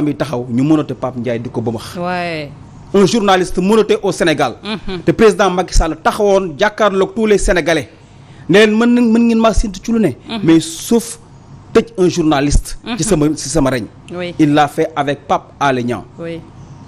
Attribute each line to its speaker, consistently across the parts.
Speaker 1: famille taxaw ñu mënote Pape Ndiaye di ko bëmax un journaliste menotté au Sénégal mm-hmm. te président Macky Sall taxawoon jàkkaarloog tous les Sénégalais ne leen mën na mën ngeen maa séntu ci lu ne mm-hmm. mais sauf tëj un journaliste mm-hmm. ci sama sama reñ il l'a fait avec Pape Alé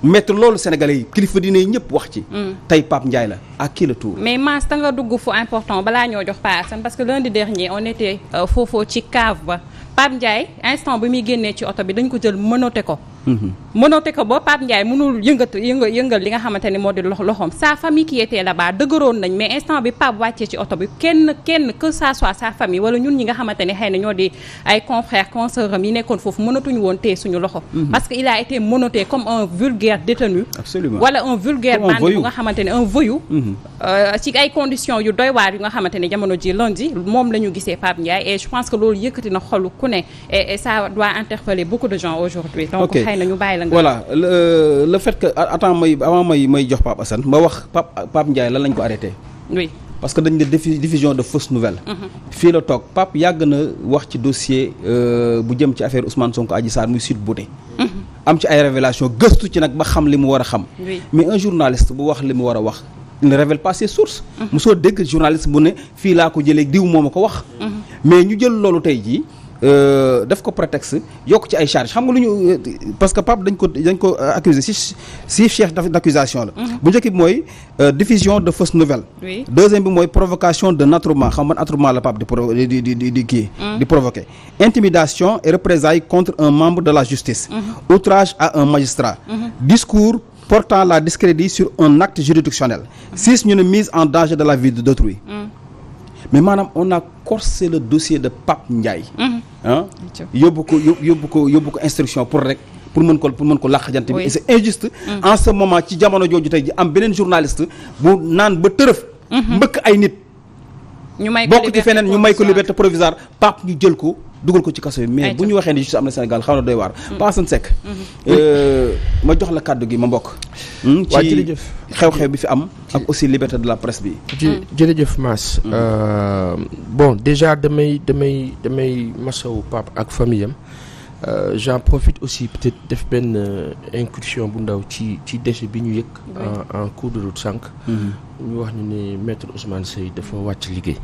Speaker 1: mettre loolu sénégalais yi kilifa dina ñëpp wax ci. Mm. tey Pape Ndiaye la ak qui le tour.
Speaker 2: mais Mass da nga dugg fu important balaa ñoo jox Pa Assane parce que lundi dernier on était euh, foofoo ci cave ba Pape Ndiaye instant bi muy génnee ci oto bi dañ ko jël menotté ko. Mm-hmm. mënoote ko ba Pape Ndiaye mënul yëngatu yëngal yëngal li nga xamante ne moo di lox loxoom sa famille qui était là-bas dëgëroon nañ mais instant bi Pape wàccee ci oto bi kenn kenn que ça soit sa famille wala ñun ñi nga xamante ne xëy na ñoo di ay confrères consoeurs am yi nekkoon foofu mënatuñu woon téye suñu loxo mm-hmm. parce que il a été menotté comme un vulgaire détenu absolument wala un vulgaire bandit bu nga xamante ne un voyou mm-hmm. euh, ci ay conditions yu doy waar yu nga xamante ne jamono ji lundi moom la ñu gisee Pape Ndiaye et je que loolu yëkkati na xolu ku ne et may la ñu bàyyi la nga. voilà
Speaker 1: le euh, le fait que attends may avant may may jox Pape Assane ma wax Pape Pape Ndiaye lan lañ ko arrêté. oui parce que dañ ne diffusion de fausse nouvelle. Mm-hmm. fii la toog Pape yàgg na wax ci dossier euh, bu jëm ci affaire Ousmane Sonko Adji Sarr muy Sweet Beauté. Mm-hmm. am ci ay révélation gëstu ci nag ba xam li mu war a xam. mais un journaliste bu wax li mu war a wax. il ne révèle pas ses sources. Mm-hmm. dégg journaliste bu ne fii laa ko jëlee diw moo ma ko wax. mais ñu jël loolu tey jii. Euh, def ko prétexte yokk ci ay charge xam nga lu ñu euh, parce que Pape dañ ko dañ ko euh, accusé si si chef d'accusation la mhm. bu njëkk bi mooy diffusion de fausse nouvelle deuxième bi mooy provocation d'un attroupement xam man attroupement la Pape di di di di kii mhm. intimidation et représailles contre un membre de la justice mhm. outrage à un magistrat discours portant la discrédit sur un acte juridictionnel six ñu ne mise en danger de la vie d'autrui mais maanaam on a corsé le dossier de Pape Ndiaye. Mm-hmm. ah yóbbu ko yóbbu ko yóbbu ko instruction pour rek. pour mën ko pour mën ko làq jant bi et c'est injuste mm. en ce moment ci jamono jooju tey ji am beneen journaliste bu naan ba tërëf mm-hmm. mbëkk ay nit bokk ci feneen ñu may ko liberté provisoire pap ñu jël ko dugal ko ci kaso yi mais bu ñu waxee ni justice am na Sénégal xaw na doy waar mm. Pa Assane Seck
Speaker 2: mm-hmm.
Speaker 1: euh, ma jox la kàddu gi ma mbokk hmm, ci xew-xew bi fi am ak aussi liberté de la presse bi mm.
Speaker 3: jërëjëf Mass mm. euh, bon déjà damay damay damay masawu Pape ak famille am Euh, j'en aussi peut-être def benn euh, incursion bu ndaw ci ci déchet bi ñu yëg en cours de route sànq mm-hmm. ñu wax ñu ne maître Ousmane Seye dafa wàcc liggéey.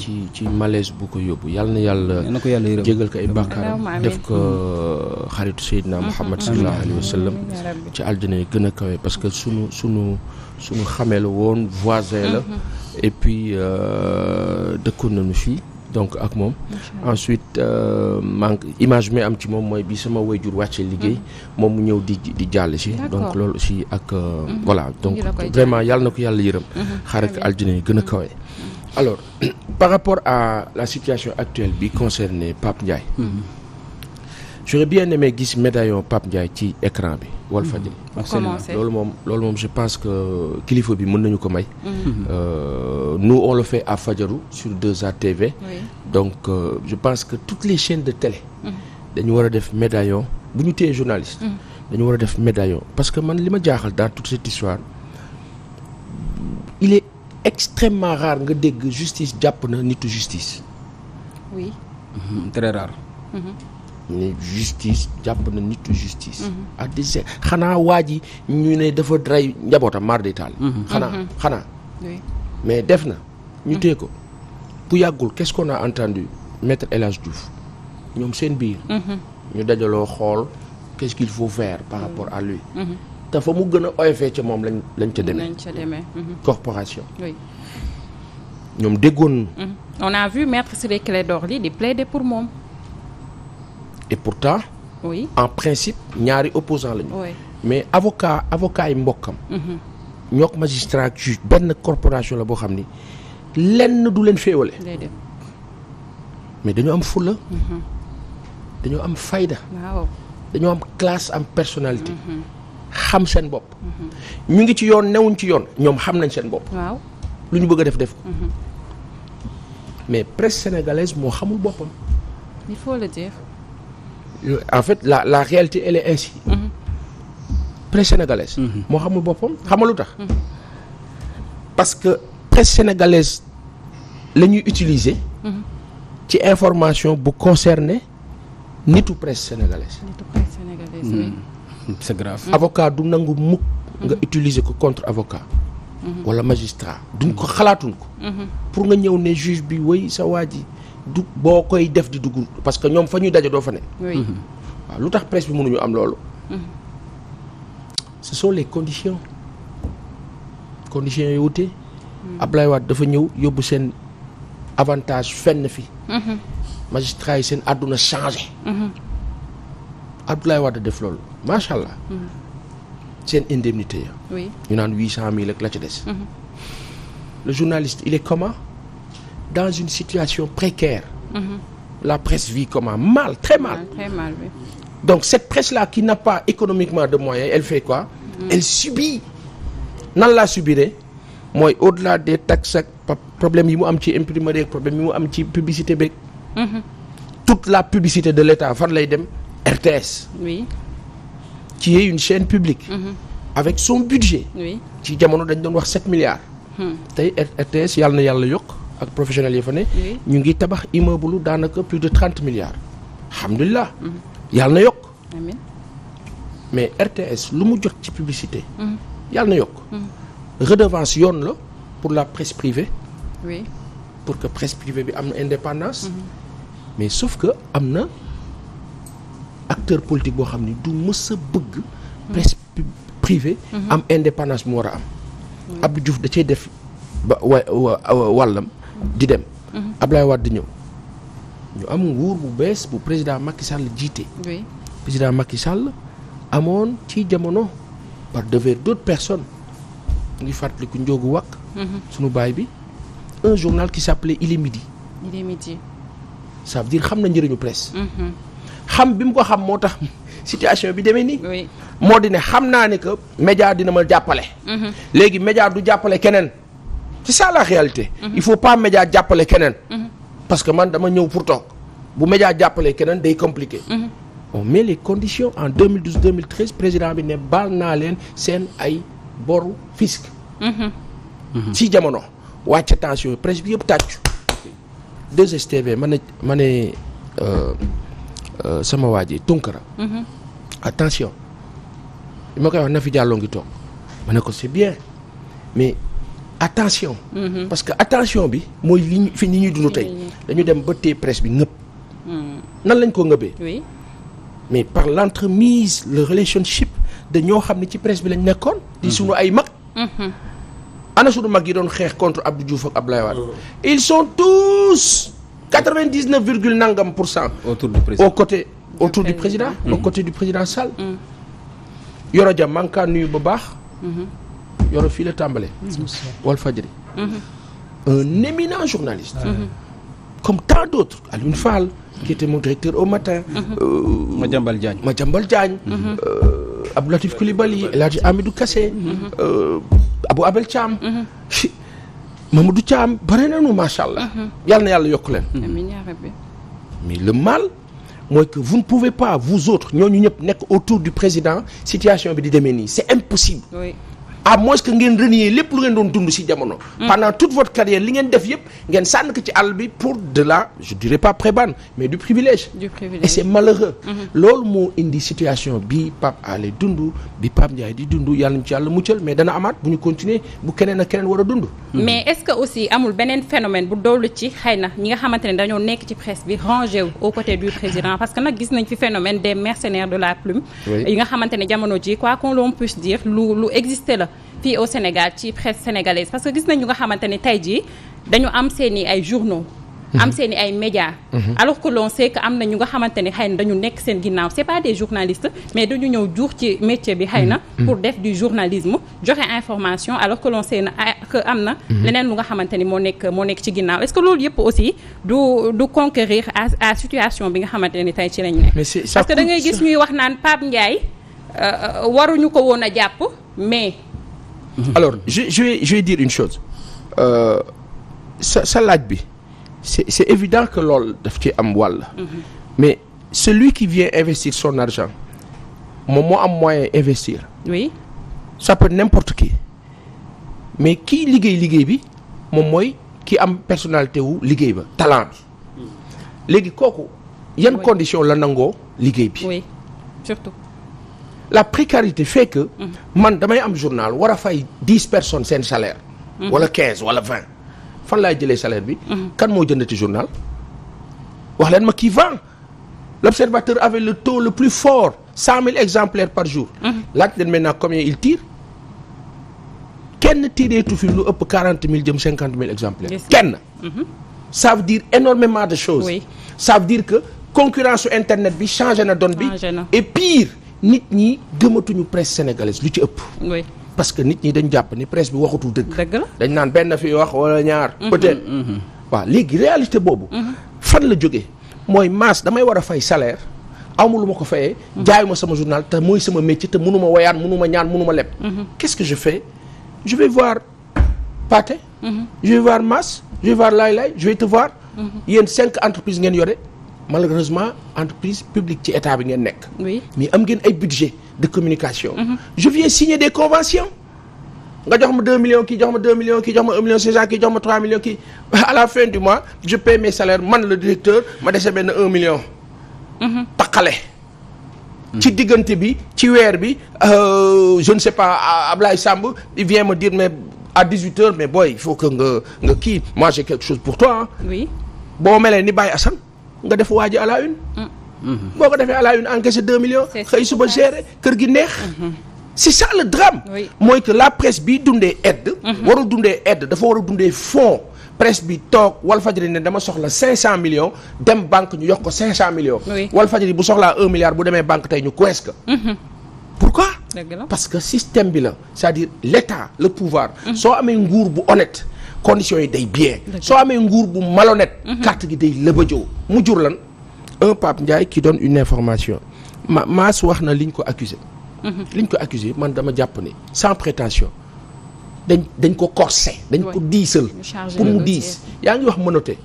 Speaker 3: ci ci malaise bu ko yóbbu yàlla na yàlla. jégal ko ay bàkkaaram def ko euh, xaritu Seydina Muhammad sallallahu alayhi wa ci aljana yi gën a kawe parce que sunu sunu sunu xamee la woon voisin la. Mm-hmm. et puis euh, dëkkoon nañu fii. donc ak moom ensuite euh, man image bi am ci moom mooy bi sama jur wàcce liggéey mm-hmm. moom mu ñëw di di jàll si donc loolu aussi ak euh, mm-hmm. voilà donc vraiment yàlla na ko yàlla yërëm xaar ak aljina yi gën a mm-hmm. kawe alors par rapport à la situation actuelle bi concerne Pape Ndiaye j'aurais ne aimé gis médaillon Pape Ndiaye ci écran bi Walfadjri mmh. loolu moom loolu moom je pense que kilifa bi mën nañu ko may mmh. euh, nous on le fait à Fajaru sur deux a TV donc euh, je pense que toutes les chaines de télé mmh. dañu war a def médaillon bu ñu téyee journaliste dañu war a def médaillon parce que man li ma jaaxal dans tout cette histoire il est extrêmement rare nga dégg justice jàpp na nitu justice oui mmh, ne justice jàpp na nitu justice. ah di xanaa waa ji ñu ne dafa rey njabootam mar taal. Mhm. xanaa mhm. xanaa. mais def na. ñu mhm. téye ko bu yàggul quest a entendu maître El Hadj ñoom seen biir. ñu dajaloo xool qu'est-ce qu'il faut faire par rapport à lui. te fa mu gën a oyofee ca moom lañ lañ ca
Speaker 2: demee.
Speaker 3: corporation. ñoom déggoon.
Speaker 2: on a vu maître Ciré Clédor di plaider pour moom. et pourtant. oui
Speaker 3: en principe ñaari opposant lañu. Oui. mais avocat avocat yi mbokkam. Mhm. ñoo ko magistrat ak juge benn corporation la boo xam ni lenn du leen féewale. mais dañoo am fulla mhm. dañoo am fayda. waaw dañoo am classe am personnalité. Mhm. xam seen bopp. ñu ngi ci yoon newuñ ci yoon ñoom xam nañ seen bopp. waaw lu ñu bëgg a def def ko. mais presse sénégalaise moo xamul boppam. Euh, en fait la la réalité elle est ainsi. Mhm. presse sénégalaise. Mhm. moo xamul boppam mhm. xamalu tax. parce que presse sénégalaise la ñuy utiliser. ci information bu concerné nitu presse sénégalaise. nitu hmm. avocat du nangu mukk nga utiliser ko contre avocat. wala magistrat duñ ko xalaatuñ ko. pour nga ñëw ne juge bi wéy sa waa ji du boo koy def di dugg parce que ñoom fa ñuy daje doo fa ne. Mhm. waaw lu tax presse bi mënuñu am loolu. Mhm. ce sont condition condition conditions yi wute. Mhm. Ablaye Wade dafa ñëw yóbbu seen avantage fenn fi. magistrat yi seen àdduna changé. Abdoulaye Wade def loolu macha allah. seen indemnité ya. oui ñu naan huit cent mille ak la ci des. le journaliste il est comment. dans une situation précaire. Mm La presse vi comment? Mal, très mal. Très mal, oui. Donc cette presse-là qui n'a pas économiquement de moyens, elle fait quoi? Mhm. Elle subit. nan la subiré mooy au-delà des taxes ak problème yi mu am ci imprimerie ak problème yi mu am ci publicité beeg. Mhm. toute la publicité de l'État fan lay dem RTS. oui. qui est une chaîne publique. Mhm. avec son budget. ci jamono dañ doon wax 7 milliards. tey RTS yàlla na yàlla yokk. ak professionnels yi fa ne. ñu ngi tabax immeuble daanaka plus de trente milliards. alhamdulilah. yàlla na yokk. amiin mais RTS lu mu jot ci publicité. Mm. yàlla na yokk. Mm. redevance yoon la pour la presse privée. pour que presse privée bi am na indépendance. Mm-hmm. mais sauf que am na acteur politique boo xam ni du mës bëgg. presse privée. Mm-hmm. am indépendance mu war a am. Abdou Diouf da cee def ba wa wàllam. di dem. Ablaye Wade di ñëw ñu am nguur bu bees bu président Macky Sall jiite. président Macky Sall amoon ci jamono par devers d'autres personnes mu ngi fàttaliku Njóogu Wàkk. Mhm. sunu baay bi un journal qui s'appelait Il est midi.
Speaker 2: Il
Speaker 3: xam na njëriñu presse. Mhm. xam bi mu ko xam moo tax situation bi demee nii. moo di ne xam naa ne que média dina ma jàppale. Mhm. léegi média du jàppale keneen. c'est ça la réalité. Mhm. il faut pas média jàppale keneen. Mhm. parce que man dama ñëw pour toog bu média jàppale keneen day compliqué. Mhm. on met les conditions en 2012 2013 président bi ne baal naa leen seen ay boru fisc. ci jamono wàcc tension presse bi yëpp tàccu. 2STV ma ne ma ne euh, euh, sama waa ji Tunkara. attention bi ma koy wax na fi jàlloo ngi toog ma ne ko c'est bien attention. Mhm. parce que attention bi mooy li fii fi ni ñuy dund tey. dañu dem ba tey presse bi ngëpp. Mhm. nan lañ ko ngëbee. oui mais par l'entremise le relationship de ñoo xam ne ci presse bi lañ nekkoon. di mhm. suñu ay mag. ana suñu mag yi doon xeex contre Abdou Diouf ak Abdoulaye Wade. Oh. ils sont tous quatre vingt dix neuf virgule nangam pour cent. autour du président côté autour du président. au côté du président Sall. Yoro Dia nuyu bu baax. yoro fii la tàmbale Walf Fadjri
Speaker 4: mm-hmm.
Speaker 3: un éminent journaliste mm-hmm. Mm-hmm. comme tant d'autres Alioune Fall qui était mon directeur au matin euh, Madiambal Diagne Madiambal Diagne euh, Abdou Latif Coulibaly El Hadji Amidou Kassé euh, Abou Abel Thiam Mamadou Thiam bare nañu macha allah. yàlla yàlla yokk leen. mais le mal mooy que vous ne pouvez pas vous autres ñooñu ñëpp nekk autour du président situation bi di demee nii c'est impossible. à moins que ngeen renier lépp lu ngeen doon dund ci jamono. Mm. pendant toute votre carrière li ngeen def yëpp ngeen sànn ko ci àll bi pour de la je dirais pas prébande mais du privilège. du privilège et c'est malheureux. Mm-hmm. loolu moo indi situation bi Pape Alé dund bi Pape Ndiaye di dund yàlla ñu ci mu muccal mais dana amaat bu ñu continuer bu keneen ak keneen war dund. Mm-hmm.
Speaker 2: mais est-ce que aussi amul beneen phénomène bu doolu ci xëy na ñi nga xamante ne dañoo nekk ci presse bi rangé wu au côté parce que nag gis nañ fi de la plume. yi nga xamante ne jamono ji quoi existé la. fii au Sénégal ci presse sénégalaise parce que gis nañ ñu nga xamante ne tey jii dañu am seeni ay journaux. Mhm. am seen i ay médias. Mhm. alors que l'on sait am na ñu nga xamante ne xëy na dañu nekk seen ginnaaw c'est pas des journalistes mais dañu ñëw juux ci métier bi xëy na. Mhm. pour def du journalisme joxe information alors que l'on na ah, que am na. leneen lu nga xamante ni moo nekk moo nekk ci ginnaaw est-ce que loolu yëpp aussi du conquérir à situation bi nga xamante ne tey ci lañ nekk.
Speaker 3: parce que da ngay gis
Speaker 2: ñuy wax naan Pape Ndiaye euh, euh, waruñu ko woon a jàpp mais.
Speaker 3: Mhm. alors je je vais je vais dire une chose euh, sa sa laaj bi c'est c'est évident que loolu daf ci am wàll. Mhm. mais celui qui vient investir son argent moom moo am moyen investir. oui ça peut n'importe qui mais kii liggéey liggéey bi moom mooy ki am personnalité wu liggéey ba talent mhm. léegi kooku yan condition la nangoo liggéey bi. la précarité fait que. man damay am journal war a fay dix personnes seen salaire. Mhm. wala quinze wala vingt. fan laay jëlee salaire bi. Mhm. kan moo jëndati journal. wax leen ma kii vend l'observateur avait le taux le plus fort cent mille exemplaires par jour. Mhm. laaj leen maintenant combien il tire. kenn tireetu fi lu ëpp quarante mille jëm cinquante mille exemplaires. kenn. ça veut dire énormément de choses. oui dire que concurrence su internet bi changé na donne bi. et pire. nit ñi gëmatuñu presse sénégalaise lu ci ëpp. oui parce que nit ñi dañ jàpp ni presse bi waxatul dëgg. dëgg la dañ naan benn fi wax wala ñaar. Mm-hmm. peut-être mm-hmm. léegi réalité boobu. Mm-hmm. fan la jógee mooy masse damay war a fay salaire. amul ma ko fayee. jaayuma sama journal te mooy sama métier te mënuma woyaan mënuma ñaan mënuma leb. qu'est-ce que je fais je vais voir Pathé. je vais voir Mass je vais voir Laye Laye je voir. yéen cinq entreprise ngeen yore. malheureusement entreprise publique ci état bi ngeen nekk. oui mais am ngeen ay budget de communication. Mm -hmm. je viens signer des conventions. nga jox ma 2 millions kii jox ma 2 millions kii jox ma 1 million 500 kii jox ma 3 millions kii à la fin du mois je paie mes salaires man le directeur ma dese benn 1 million. Mhm. taqale. Mhm. ci diggante bi ci weer bi euh, je ne sais pas Ablaye Samb il vient ma dire mais à 18 heures mais booy il faut que nga nga kii moi j'ai quelque chose pour toi. boo melee ni Baye Assane. nga def waa ji à une. boo ko defee à la une encaissé 2 millions. xëy suba gérer kër gi neex. c'est ça le drame. Oui. mooy que la presse bi dundee aide. Mhm. warul dundee aide dafa war a dundee fonds. presse bi toog Walfadjri ne dama soxla cent millions dem banque ñu yox ko 500 millions. oui Walfadjri bu soxlaa 1 milliard bu demee banque tey ñu coince ko.
Speaker 4: Mhm. pourquoi.
Speaker 3: parce que système bi la c'est-à-dire l'État le pouvoir. Mhm. soo amee nguur bu honnête. conditions yi day bien. soo amee nguur bu malhonnête. Mhm. carte gi day lëbëjoo mu jur lan un Pape Ndiaye qui donne une information ma Maas wax na liñ ko accusé. Mhm. liñ ko accusé man dama jàpp ne sans prétention dañ dañ ko corsé. dañ ko diisal. pour mu diis yaa ngi wax menotté.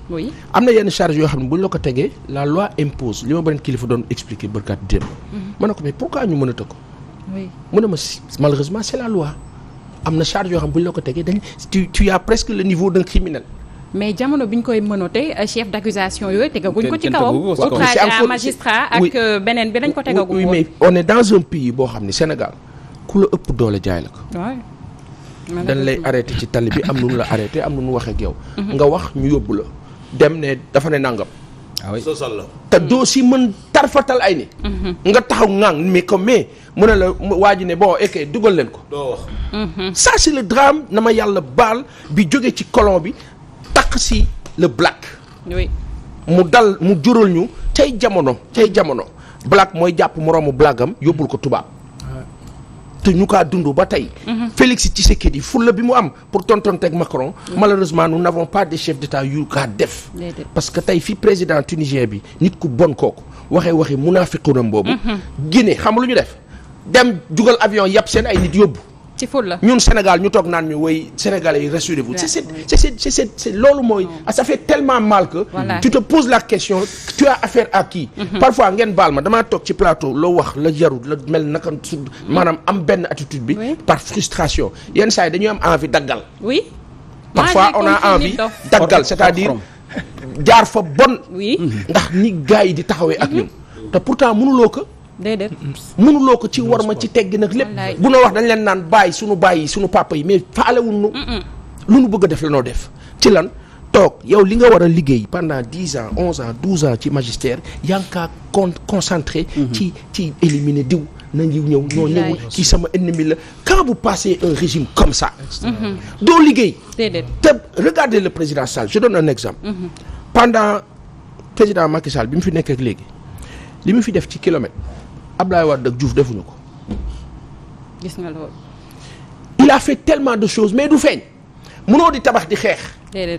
Speaker 3: am na yenn charge yoo xam ne buñ la ko tegee la loi impose li ma beneen kilifa doon expliqué bërkaat démb. Mhm. ma ne ko mais pourquoi ñu mënata ko. oui mu ne ma malheureusement c'est la loi. am na charge yoo xam bu ñu la ko tegee dañ tu tu as presque le niveau d'un criminel.
Speaker 2: mais jamono bi ñu koy mënatee euh, chef d'accusation yooyu tegaguñ ko ci kawam outrage à magistrat ak euh, beneen bi dañ ko tegagu ko mais
Speaker 3: on est boo xam ne Sénégal ku la ëpp doole jaay la ko dañ lay arrêté ci tali bi am nu ñu la arrêté am lu ñu waxeek yow mhm. nga wax ñu yóbbu la dem ne dafa ne nangam Ah sosal la te doo si mën tarfatal ay ni mhm. nga taxaw ŋang mais comme mais mu ne la waa ji ne boo ekkee dugal leen ko. doo wax. Mhm. ça drame na ma yàlla baal bi jóge ci colon bi takk si le black. mu dal mu jural ñu cay jamono cay jamono black mooy jàpp moroomu blackam yóbbul ko tubaab. te ñu kaa dund ba tey. Mhm. Félix Tshisekedi fulla bi mu am pour tontonteeg Macron. Mhm. malheureusement nous n'avons pas de chef d'état yu kaa def. parce que tey fi président tunisien bi nit ku bon kooku waxee waxi munaafiqunam boobu. Mhm. Guinée xam lu ñu def dem jugal avion yàpp seen ay nit yóbbu. ci fulla ñun Sénégal ñu toog naan ñu woy Sénégalais yi rassurez-vous. c'est c'est c'est c'est loolu mooy. Ah, ça fait tellement mal que. tu te poses la question tu a affaire à qui. Mm-hmm. parfois ngeen baal ma damaa toog ci plateau loo wax la jarul la mel naka sud maanaam am benn attitude bi. par frustration yenn saa yi dañuy am envie daggal. oui parfois on a envie daggal c'est-à-dire jaar fa bon. ndax ni gars yi di taxawee ak mm-hmm. ñun. te pourtant mënuloo ko. déedéet mënuloo ko ci war ma ci teggi nag lépp bu na wax dañ leen naan bàyyi suñu bàyyi suñu papa yi mais faalewul nu lu ñu bëgg a def la noo def ci lan toog yow li nga war a liggéey pendant dix ans onze ans douze ans ci magistère yaa ngi kaa con mm-hmm. ci ci éliminer diw na ngiw ñëw ñoo ci kii sama ennemi la quand vous passez un régime comme ça mm-hmm. doo liggéey te regardez le président Sall je donne un exemple mm-hmm. pendant président Macky Sall bi mu fi nekk ak léegi li mu fi def ci kilomètre Ablaye Wade ak Diouf defuñu ko. gis nga loolu. il a fait tellement de choses mais du feeñ mënoo di tabax di xeex. Mhm.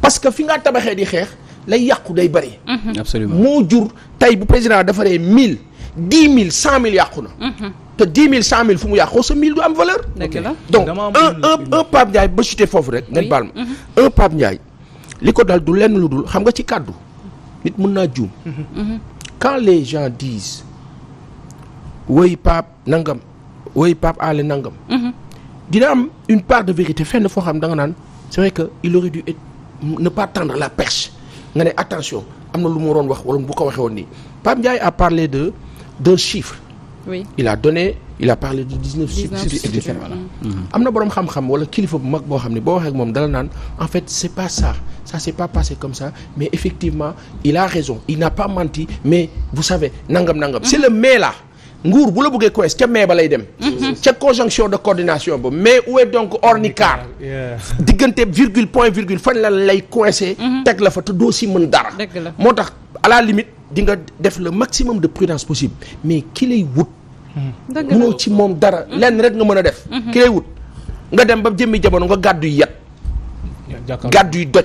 Speaker 3: parce que fi nga tabaxee di xeex lay yàqu day bëri. Mhm. absolument moo jur tey bu président defaree mille dix mille cent mille yàqu na. Mhm. te dix mille cent mille fu mu yàqoo sa mille du am valeur. dëgg la donc un un un Pape Ndiaye ba chuté foofu rek. nga baal ma un Pape Ndiaye. li ko dal du lenn lu dul xam nga ci kàddu nit mën naa juum. quand les gens woy pap nangam woy Pape Alé nangam. Mhm. dina am une part de vérité fenn foo xam da nga naan c'est vrai que il aurait dû ne pas tendre la perche nga ne attention am na lu mu doon wax wala bu ko waxee won nii Pape Ndiaye a parlé de d'un chiffre. oui il a donné il a parlé de dix neuf chiffres et cetera mhm. am na boroom xam-xam wala kilifa bu mag boo xam ne boo waxee ak moom dala naan en fait c'est pas ça ça s'est pas passé comme ça mais effectivement il a raison il n'a pas mais vous savez nangam nangam. Mhm. c'est le mais là. nguur bu la buggee coes ca mais ba lay dem mhm. ca conjonction de coordination ba mais où est donc ornicar diggante virgule point virgule fan la lay coesee mhm. teg la fa te doo si mën dara moo tax à la limite di nga def le maximum de prudence possible mais ki lay wut mënoo mhm. ci moom dara lenn rek nga mën a def ki lay wut nga dem ba jëmmi jamono nga gàddu yi
Speaker 5: yat
Speaker 3: gàddu yi doj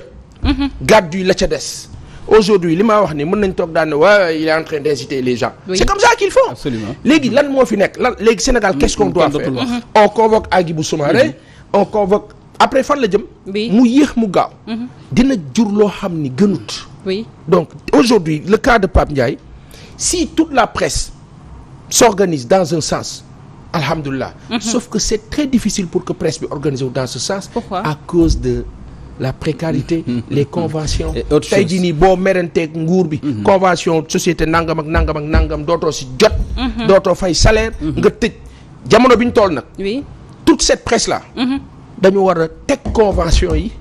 Speaker 3: gàddu yi la ca des aujourd'hui li ma wax ni mën nañ toog daan ne waaye il est en train les gens oui. c'est comme ça qu'il faut absolument léegi lan moo fi nekk lan léegi Sénégal qu'est-ce qu'on doit faire on convoque Hadjibou Soumaré on convoque après fan la jëm mu yéex mu gaaw mhm. dina jur loo xam ni gënut donc aujourd'hui le cas de Pape Ndiaye si toute la presse s'organise dans un sens alhamdoulilah mm -hmm. sauf que c'est très difficile pour que presse bi organise dans ce sens Pourquoi? à cause la précarité les conventions tey jii nii boo merenteek nguur bi mhm. convention société nangam ak nangam ak nangam dootoo si jot mhm. dootoo fay salaire mhm. nga tëj jamono bi ñu tool nag toute cette presse la dañu war a teg convention yi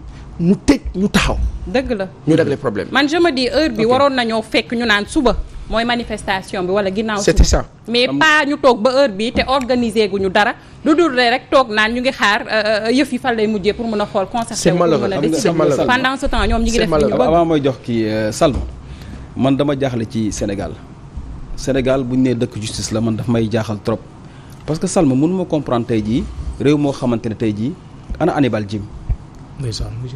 Speaker 3: ñu tëj ñu taxaw dëgg la ñu régler problème man je
Speaker 2: me heure bi waroon nañoo fekk ñu naan suba mooy manifestation bi wala ginnaaw c'était ça mais pas ñu toog ba heure bii te organiser ñu dara lu dul rek toog naan ñu ngi xaar euh, euh, euh, yëf yi fan lay mujjee pour mën a xool concerté pour mën a décider pendant ce temps ñoom ñi ngi def avant
Speaker 1: mooy jox ki Salma man dama jaaxle ci Sénégal Sénégal bu ñu nee dëkk justice la man dafa may jaaxal trop parce que Salma mënuma comprendre tey jii réew moo xamante ne tey jii ana Hannibal Djim
Speaker 5: ndeysaan mu ci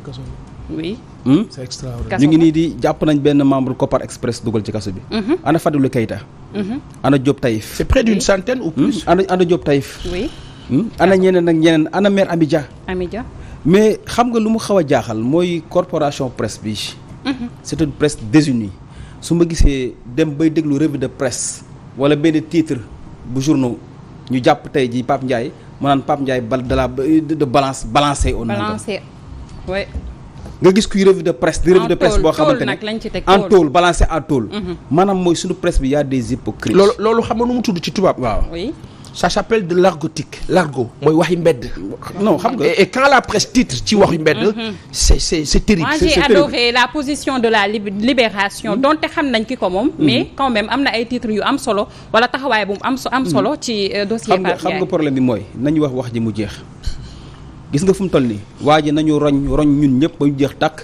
Speaker 5: oui. Hmm? c'est extraordinaire ñu ngi nii
Speaker 1: di jàpp nañ benn membre Kopar Express dugal ci kaso bi. Mhm. ana Fadilou Keita. Mhm. ana Diop Taïf. c'est près d'une centaine ou hmm? plus. ana ana Diop Taïf. oui. Hmm? ana ñeneen ak ñeneen ana maire Amidia. mais xam nga lu mu xaw a jaaxal mooy corporation presse bi. Mhm. c'est une presse désunie su ma gisee dem bay déglu revue de presse wala benn titre bu journaux ñu jàpp tey jii Pape Ndiaye mu naan Pape Ndiaye bal de de balance balancé. au nangam balancé nga gis kuy revue de presse di revue de presse boo xamante ne en tôle balancé en tôle mhm.
Speaker 3: maanaam mooy suñu presse bi y a des hypocrites loolu loolu xam nga nu mu tudd ci tubaab waaw ça s'appelle de l'argotique l'argot mbedd non xam nga et quand la presse titre ci waxi mbedd mhm. c'est c'est c'est terrible
Speaker 2: la position de la libération mhm. donte xam nañ ki ko moom mais quand même am na ay titres yu am solo wala taxawaay bu am am solo ci euh, dossier Pape Ndiaye xam nga
Speaker 1: problème bi mooy nañu wax wax ji mu jeex gis nga fu mu toll nii waa ji nañu roñ roñ ñun ñëpp ba ñu jeex tàkk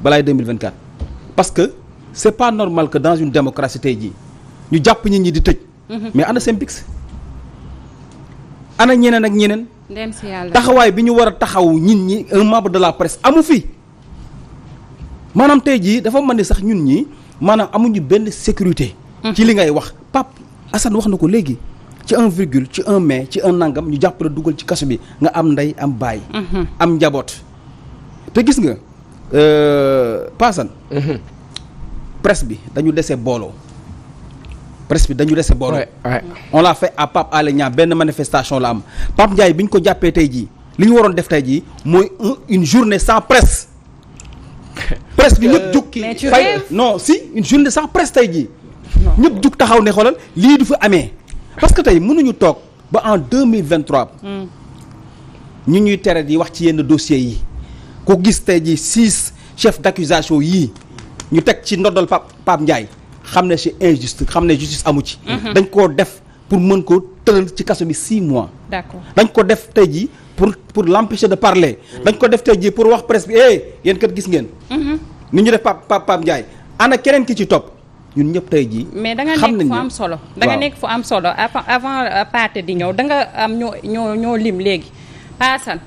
Speaker 1: balaay 2024 parce que est pas normal que dans une démocratie tey jii ñu jàpp nit ñi di tëj. Mhm. mais ana Synpics ana ñeneen ak ñeneen.
Speaker 2: dem si taxawaay
Speaker 1: bi ñu war a taxaw nit ñi un de la presse amu fi maanaam tey jii dafa mën ni sax ñun ñi maanaam amuñu benn sécurité. Mhm. ci li ngay wax Pape Assane wax na ko léegi. ci un virgule ci un mais ci un nangam ñu jàppale dugal ci kaso bi nga am ndey am baay. Mhm. am njaboot. te gis nga euh, paasan mhm. presse bi dañu dese booloo. presse bi dañu dese booloo. on l'a fait à Pape Alé Niang benn manifestation la am Pape njaay bi ñu ko jàppee tey jii li ñu waroon def tey jii mooy une journée sans presse. presse bi ñëpp euh, jug. mais non si une journée sans presse tey jii. ñëpp jug taxaw ne xoolal lii du fi amee. parce que tey mënuñu toog ba en 2023 hmm. ñu ñuy tere di wax ci yenn dossiers yi ku gis tey ji six chefs d'accusation yi ñu teg ci ndoddal Pape Pape Ndiaye xam ne c'est injuste xam ne justice amu ci hmm. dañ koo def pour mën ko tëral ci kaso bi six mois d'accord dañ ko def tey ji pour pour l'empêcher de parler hmm. dañ ko def tey ji pour wax presque bi eh yéen kat gis ngeen ni ñu def Pape Pape Ndiaye ana keneen ki ci topp ñun ñëpp tey ji mais danga nga nekk fu am solo da nekk
Speaker 2: fu am solo avant euh, Pathé di ñëw da nga am ñoo ñoo ñoo lim léegi paasan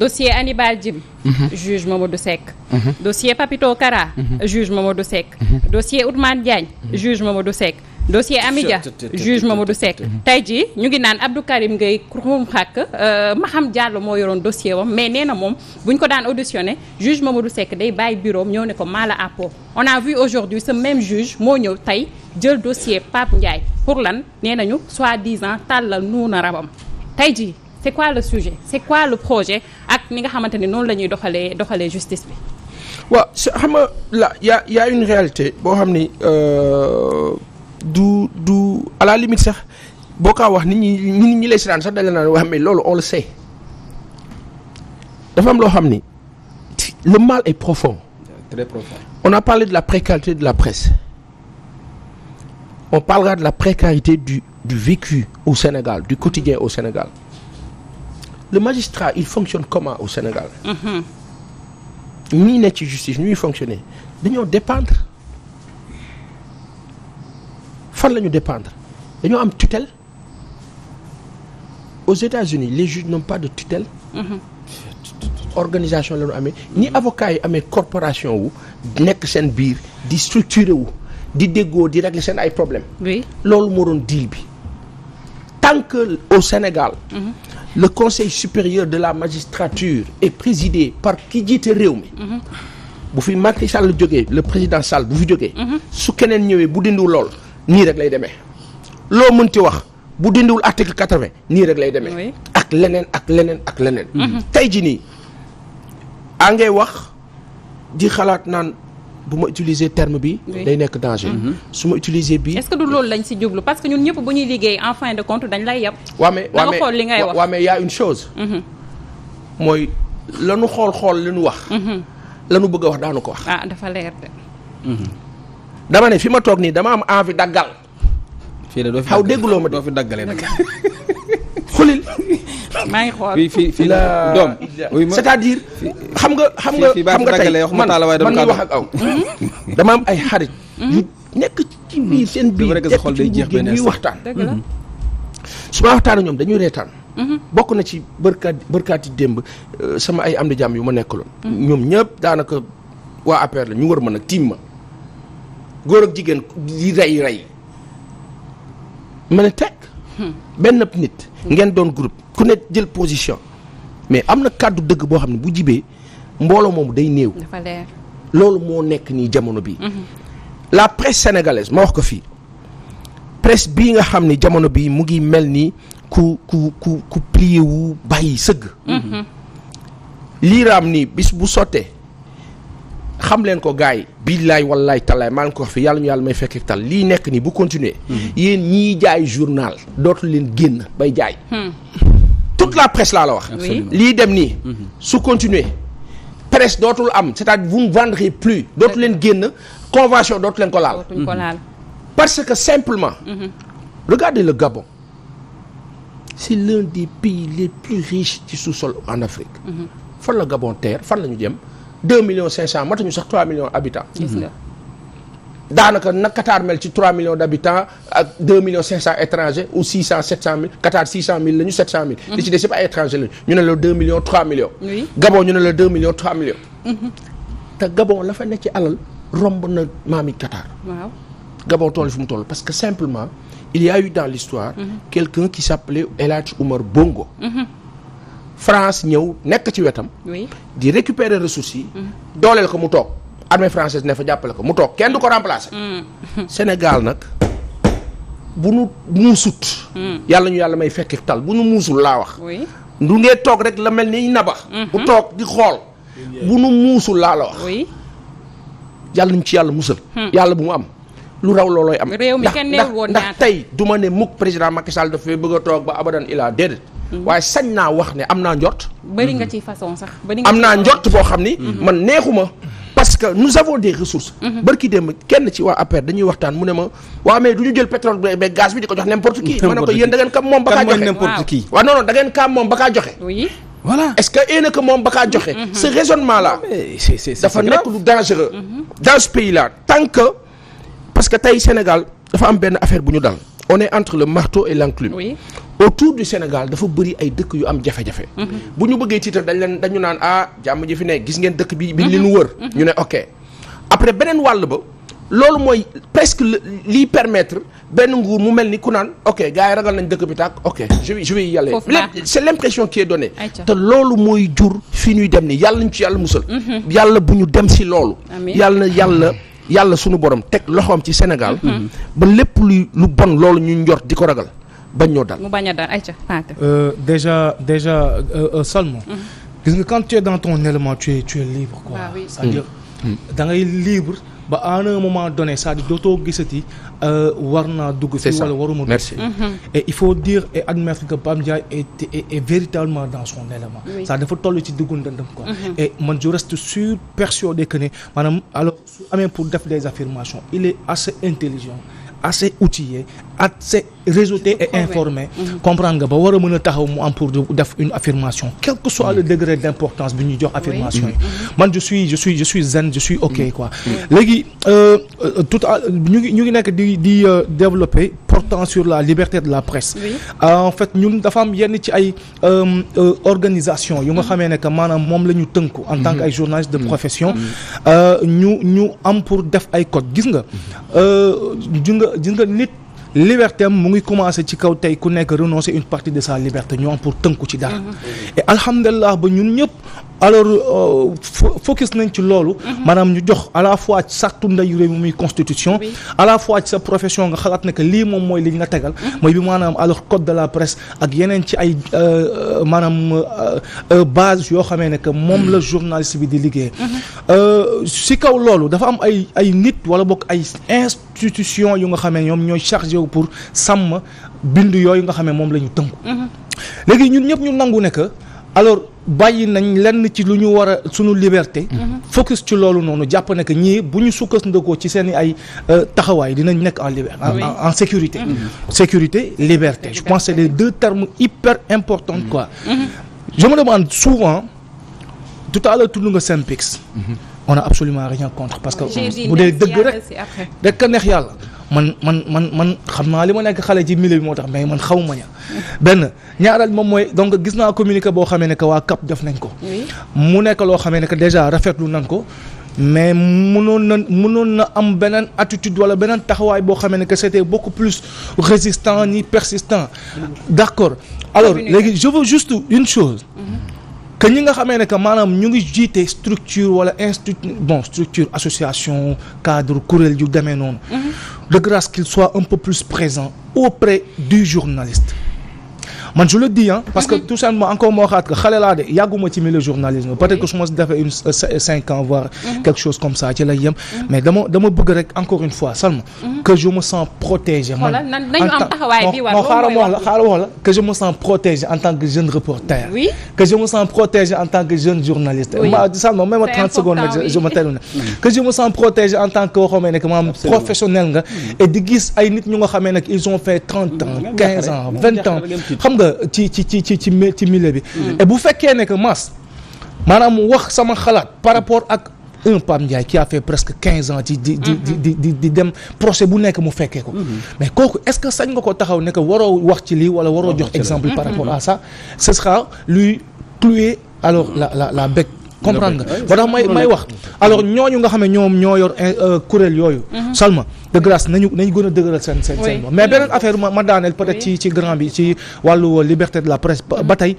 Speaker 2: dossier Hannibal Djim mhm. juge Mamadou Seck mhm. dossier Papito Kara mhm. juge Mamadou Seck dossier Ousmane Diagne juge Mamadou Seck dossier Amidia juge Mamadou Seck tey jii ñu ngi naan Abdou ngay Gueye xurum euh, ma xam Diallo moo yoroon dossier wam mais nee na moom buñ ko daan auditionné juge du sekk day bàyyi bureau am ñëw ne ko mala àppo on a vu aujourd'hui ce même juge moo ñëw tey jël dossier Pape Ndiaye pour lan nee nañu soi-disant tàllal nuuna rabam tey jii c'est quoi le sujet c'est quoi le projet ak ni nga xamante ne noonu la ñuy doxalee doxalee justice bi
Speaker 3: waaw xam nga la y a y une boo xam ni euh, du du à la limite sax boo kaa wax nit ñi nit ñi lay sax dañ la wax mais loolu on le sait dafa am loo xam ni le mal est profond. on a parlé de la précarité de la presse on parlera de la précarité du vécu au Sénégal du quotidien au Sénégal le magistrat il fonctionne comment au Sénégal. Mm-hmm. ñii nekk ci justice ñuy fonctionner dañoo dépendre. fan la ñu dépendre dañoo am tutelle aux États-Unis les juges n'ont pas de tutelle. Mhm. organisation la ñu amee ni avocats yi amee corporation wu nekk seen biir di structuré wu di déggoo di régler seen ay problèmes. loolu moo doon deal bi tant que au Sénégal. Mhm. le conseil supérieur de la magistrature est présidé par ki jiite réew mi. Mhm. bu fi Macky Sall jógee le président Sall bu fi jógee. su keneen ñëwee bu dindu lool. nii rek lay demee loo mënti wax bu dindiwul article quatre-vingt nii rek lay demee. ak leneen ak leneen ak leneen. Mhm. Mm-hmm. tey ji nii a wax di xalaat naan. bu ma utiliser terme bi. day nekk danger. Mhm. su ma utiliser bi est-ce du
Speaker 2: loolu lañ si jublu parce que ñun ñëpp bu ñuy liggéey en fin de compte dañ lay yab. waaw mais waaw
Speaker 3: mais xool une chose. Mhm. mooy lanu xool xool li nu wax. lanu bëgg a wax daanu ko wax.
Speaker 2: Ah, dafa leer
Speaker 3: dama ne fi ma toog nii dama am envie daggal. fii de doo xaw dégguloo ma doo fi daggalee nag
Speaker 2: xulil. maa ngi xool fii fii fii la doom. cest
Speaker 3: xam nga xam nga xam nga tey man man mi wax ak aw. dama am ay xarit. yu nekk ci biir mm-hmm. seen biir nekk ci biir ñuy waxtaan. Mm-hmm. su ñoom dañuy reetaan. Mm-hmm. na ci bërkaat bërkaati démb euh, sama ay am di jàmm yu ma nekk nekkaloon. ñoom ñëpp daanaka waa APR la ñu war mën nag tiim ma. góor ak jigéen di rey rey ma ne teg benn nit ngeen doon groupe ku ne jël position mais am na kàddu dëgg boo xam ne bu jibee mbooloo moomu day néew loolu moo nekk nii jamono bi mhm. la presse sénégalaise ma wax ko fii presse bii nga xam ni jamono bi mu ngi mel ni ku ku ku ku wu bàyyi sëgg mhm. liiraam ni bis bu sottee xam leen ko gars yi billaay wallaay tallaay maa ngi ko wax fi yàlla ñu yàlla may fekkee tal lii nekk nii bu continuer mhm. yéen ñii jaay journal dootu leen génn bay jaay hmm. toute la presse laa la wax lii dem nii mhm. su continuer presse dootul am c'est-à-dire vous dootu leen génn convention dootu leen ko laal mhm. parce que simplement regardez le Gabon c'est l'un des pays les plus riches ci sous-sol en Afrique fan la Gabon terre fan la ñu jëm deux millions cinq cent matuñu sax trois millions habitants daanaka nag Qatar mel ci 3 millions d' habitants ak 2 millions 500 étrangers ou 600 700000 Qatar 600000 la ñu 700000. li ci des yëpp ay étrangers lañu ñu ne la 2 millions 3 millions. Gabon ñu ne la 2 millions 3 millions. Mm-hmm. te Gabon la fa nekk ci alal romb na maami Qatar. waaw Gabon toll fi mu toll parce que simplement il y a eu dans l'histoire mm-hmm. quelqu'un qui s' appelait El France ñëw nekk ci wetam. di récupérer ressources yi. Mm. dooleel ko mu toog armée française ne fa jàppale ko mu toog kenn du ko remplacer.
Speaker 4: Mm.
Speaker 3: Sénégal nag bu nu muusut. Mm. yàlla ñu yàlla may fekk tal bu nu muusul laa wax. du ngee toog rek la mel ni nabax mm-hmm. bu toog di xool. bu nu muusul laa la wax. yàlla ñu ci yàlla musal. yàlla bu mu am. lu raw loolooy am. réew mi kenn neewul ndax tey du ma ne mukk président Macky Sall dafay bëgg a toog ba abadan ilaa déedéet. Mhm. waaye sañ naa wax ne am naa njort. bëri nga ci
Speaker 2: façon sax. bëri nga am naa njort boo
Speaker 3: xam ni. Mhm. man neexuma parce que nous avons des ressources. Mhm. barki démb kenn ci waa APR dañuy waxtaan mu ne ma waa mais du ñu jël pétrole beeg gaz bi di ko jox n'importe qui. ma ne ko yéen da ngeen kam moom ba kaa joxe kan mooy n'importe qui. da ngeen kam moom ba kaa joxe. est-ce que yéen a moom ba kaa joxe. tant que. parce que tey Sénégal dafa am benn affaire bu ñu dal on est entre le marteau et l'enclume oui. autour du Sénégal dafa bëri ay dëkk yu am jafe-jafe mm-hmm. bu ñu bëggee tiital dañ leen dañu naan ah jàmm ji fi ne gis ngeen dëkk bi bi li mm-hmm. nu wër mm-hmm. ñu ne ok après beneen wàll ba loolu mooy presque liy permettre benn nguur mu mel ni ku naan ok gars yi ragal nañ dëkk bi tàkk ok je vais je vais y aller c'est l'impression qui est donnée te loolu mooy jur fi ñuy dem ni yàlla ñu ci yàlla musal yàlla bu ñu dem si loolu yàlla yàlla yàlla sunu borom teg loxoom ci Sénégal.
Speaker 5: ba lépp luy lu bon loolu ñu njor di ko ragal bañ ñoo dal. mu
Speaker 2: bañ a dal ayca
Speaker 5: euh, déjà déjà seulement. Euh, mm-hmm. gis nga quand tu es dans tu es tu es libre quoi. Ah mm. libre. ba à moment donné saa à dire dootoo gisati euh, war naa dugg fii wala waruma dugg merci et il faut dire et admettre que Pape Ndiaye est est véritablement dans son élément ça dafa toll ci dugg ndëndam quoi mhm. et man je reste sûr persuadé que ne maanaam alors su amee pour def des affirmations il est assez intelligent assez outillé assez réseauté et informé mhm. comprendre nga ba war a mën a taxaw mu am pour def une affirmation quel que soit mhm. le degré d'importance bi ñuy jox affirmation yi mhm. man je suis je suis je suis zen je suis ok quoi léegi euh, euh, tout ñu ngi ñu ngi nekk di di euh, développer portant sur la liberté de la presse. Euh, en fait ñun dafa am yenn ci ay euh, euh, organisation yu nga mm-hmm. xamee ne que maanaam moom la ñu tënku. en tant que ay mm-hmm. journaliste de mm-hmm. profession. ñu ñu am pour def ay code gis nga. gis nga gis nga nit. liberté am mu ngi commencé ci kaw tey ku nekk renoncer une partie de sa liberté ñu am pour tënku ci dara. et alhamdulilah ba ñun ñëpp alors euh, focus nañ ci loolu. Mhm. maanaam ñu jox à la fois ci sartu ndeyu réew mi muy constitution. à la fois sa profession nga xalaat ne que lii moom mooy li nga la tegal. Mhm. mooy bi maanaam alors code de la presse ak yeneen ci ay euh, euh, maanaam base yoo xamee ne que moom la journaliste bi di liggéey. Mhm. si kaw loolu dafa am ay ay nit wala bokk ay institution yu nga xamee ñoom ñooy chargé wu pour sàmm bind yooyu nga xamee moom la ñu tënku. léegi ñun ñëpp ñu nangu ne bàyyi nañ lenn ci lu ñu war a suñu liberté. Mhm. focus ci loolu noonu jàpp ne que ñii bu ñu sukkandikoo ci seen ay euh, taxawaay dinañ nekk en liberté en sécurité. Mhm. sécurité liberté je pense c'est les deux termes hyper importants mhm. quoi. je me demande souvent tout à l'heure tudd nga Synpics. on a absolument rien contre parce que bu dee dëgg rek rek neex yàlla. man man man man xam naa li ma nekk xale ci milieu bi moo tax mais man xaw ma ña. benn ñaareel moom mooy donc gis naa communiqué boo xamee ne que waa CAP def nañ ko. mu nekk loo xamee ne que déjà rafetlu nañ ko. mais mënoon na mënoon na am beneen attitude wala beneen taxawaay boo xamee ne que c'était beaucoup plus résistant ni persistant. d'accord alors léegi je veux juste une chose. Mm-hmm. que ñi nga xamee ne que maanaam ñu ngi jiite structure wala institut bon structure association cadre kuréel yu demee noonu. Mm-hmm. de grâce qu'il soit un peu plus présent auprès du journaliste. man je le dis ah. parce que mhm. tout simplement encore moo xaat que xale laa de yàgguma ci milieu journalisme peut-être que su ma defee une cinq euh, ans voire mhm. quelque chose comme ça ci lay yem. Mhm. mais dama dama bëgg rek encore une fois seulement. que je me sens protégé. man en tant moo xaaral ma wax la xaaral wax la que je me sens protégé en tant que jeune reporter. oui que je me sens protégé en tant que jeune journaliste. oui seulement même 30 secondes rek je ma termine. que je me sens protégé en tant que waxamee ne que maanaam professionnel nga. Mm. et di gis ay nit ñu nga xamee ne ils ont fait 30 ans 15 mm. ans 20 ans xam nga. la ci ci ci ci ci ci milieu bi. bu fekkee ne que mas maanaam wax sama xalaat par rapport ak. un Pape Ndiaye qui a fait presque quinze ans ci di di di dem procès bu nekk mu fekkee ko mais kooku est-ce que sañ nga ko taxaw ne que waroo wax ci lii wala waroo jox exemple par mm-hmm. rapport à ça ce sera lui clouer alors la la la bec comprendre nga ba may may wax mm-hmm. alors ñooñu nga xam ne ñoom ñoo yor eh, euh, kuréel yooyu mm-hmm. seulement de grâce nañu nañu gën a dëgëral seen seen seen mais beneen affaire ma ma daaneel peut-être ci ci grand bi ci wàllu liberté de la presse ba tey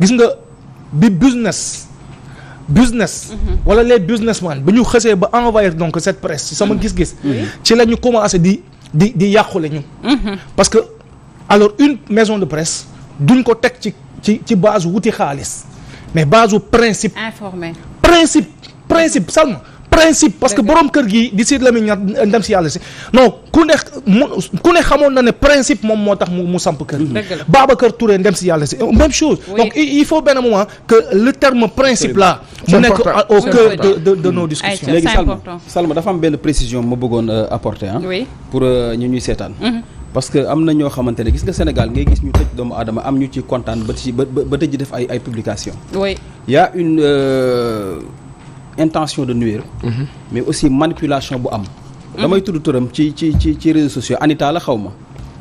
Speaker 5: gis nga bi business business mhm. wala les businessmen bu ñu xësee ba envoyer donc cette presse sama mhm. gis-gis ci la ñu commencé di di di yàqule ñu mhm. parce que alors une maison de presse duñ ko teg ci ci ci base wuti xaalis mais base principe informé principe principe seulement principe parce que borom kër gi di Sidy Lamine Niasse ndem si yàlla si non ku ne mu ku ne xamoon na ne principe moom moo tax mu mu samp kër Babacar Touré ndem si yàlla si même chose donc il faut benn moment que le terme principe là mu nekk au cœur de de de nos léegi Salma
Speaker 1: Salma dafa am benn précision ma bëggoon euh, apporter pour euh, ñu ñuy seetaan mhm. parce que am na ñoo xamante ne gis nga Sénégal ngay gis ñu tëj doomu aadama am ñu ci kontaan ba ci ba ba tëj def ay ay publication
Speaker 2: a
Speaker 1: euh, intention de nuire. Mhm. mais aussi manipulation bu am. damay mhm. tudd turam ci ci ci ci réseaux sociaux Anita la xaw ma.